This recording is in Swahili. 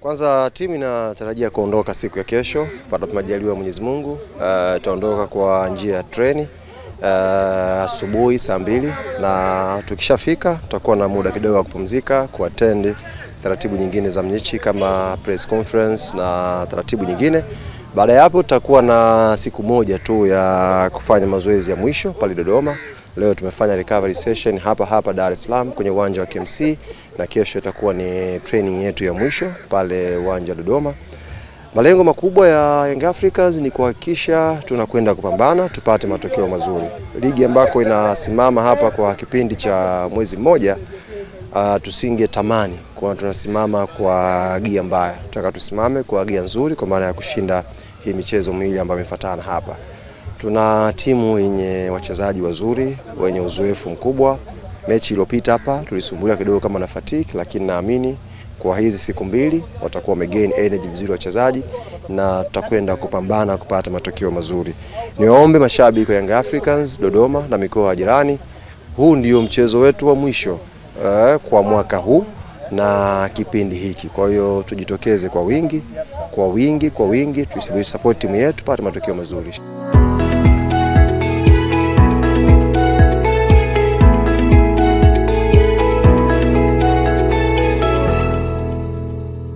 Kwanza timu inatarajia kuondoka siku ya kesho, ya majaliwa ya Mwenyezi Mungu. Uh, itaondoka uh, kwa njia ya treni uh, asubuhi saa mbili, na tukishafika tutakuwa na muda kidogo wa kupumzika, kuattend taratibu nyingine za mnyichi kama press conference na taratibu nyingine baada ya hapo tutakuwa na siku moja tu ya kufanya mazoezi ya mwisho pale Dodoma. Leo tumefanya recovery session hapa hapa Dar es Salaam kwenye uwanja wa KMC, na kesho itakuwa ni training yetu ya mwisho pale uwanja wa Dodoma. Malengo makubwa ya Young Africans ni kuhakikisha tunakwenda kupambana tupate matokeo mazuri. Ligi ambako inasimama hapa kwa kipindi cha mwezi mmoja uh, ah, tusinge tamani kuwa tunasimama kwa gia mbaya. Tunataka tusimame kwa gia nzuri, kwa maana ya kushinda hii michezo miwili ambayo imefuatana hapa. Tuna timu yenye wachezaji wazuri wenye uzoefu mkubwa. Mechi iliyopita hapa tulisumbuliwa kidogo kama na fatigue, lakini naamini kwa hizi siku mbili watakuwa wamegain energy vizuri wachezaji, na tutakwenda kupambana kupata matokeo mazuri. Niwaombe mashabiki wa Young Africans Dodoma na mikoa ya jirani, huu ndio mchezo wetu wa mwisho uh, kwa mwaka huu na kipindi hiki. Kwa hiyo tujitokeze kwa wingi, kwa wingi, kwa wingi, tuisapoti timu yetu, pata matokeo mazuri.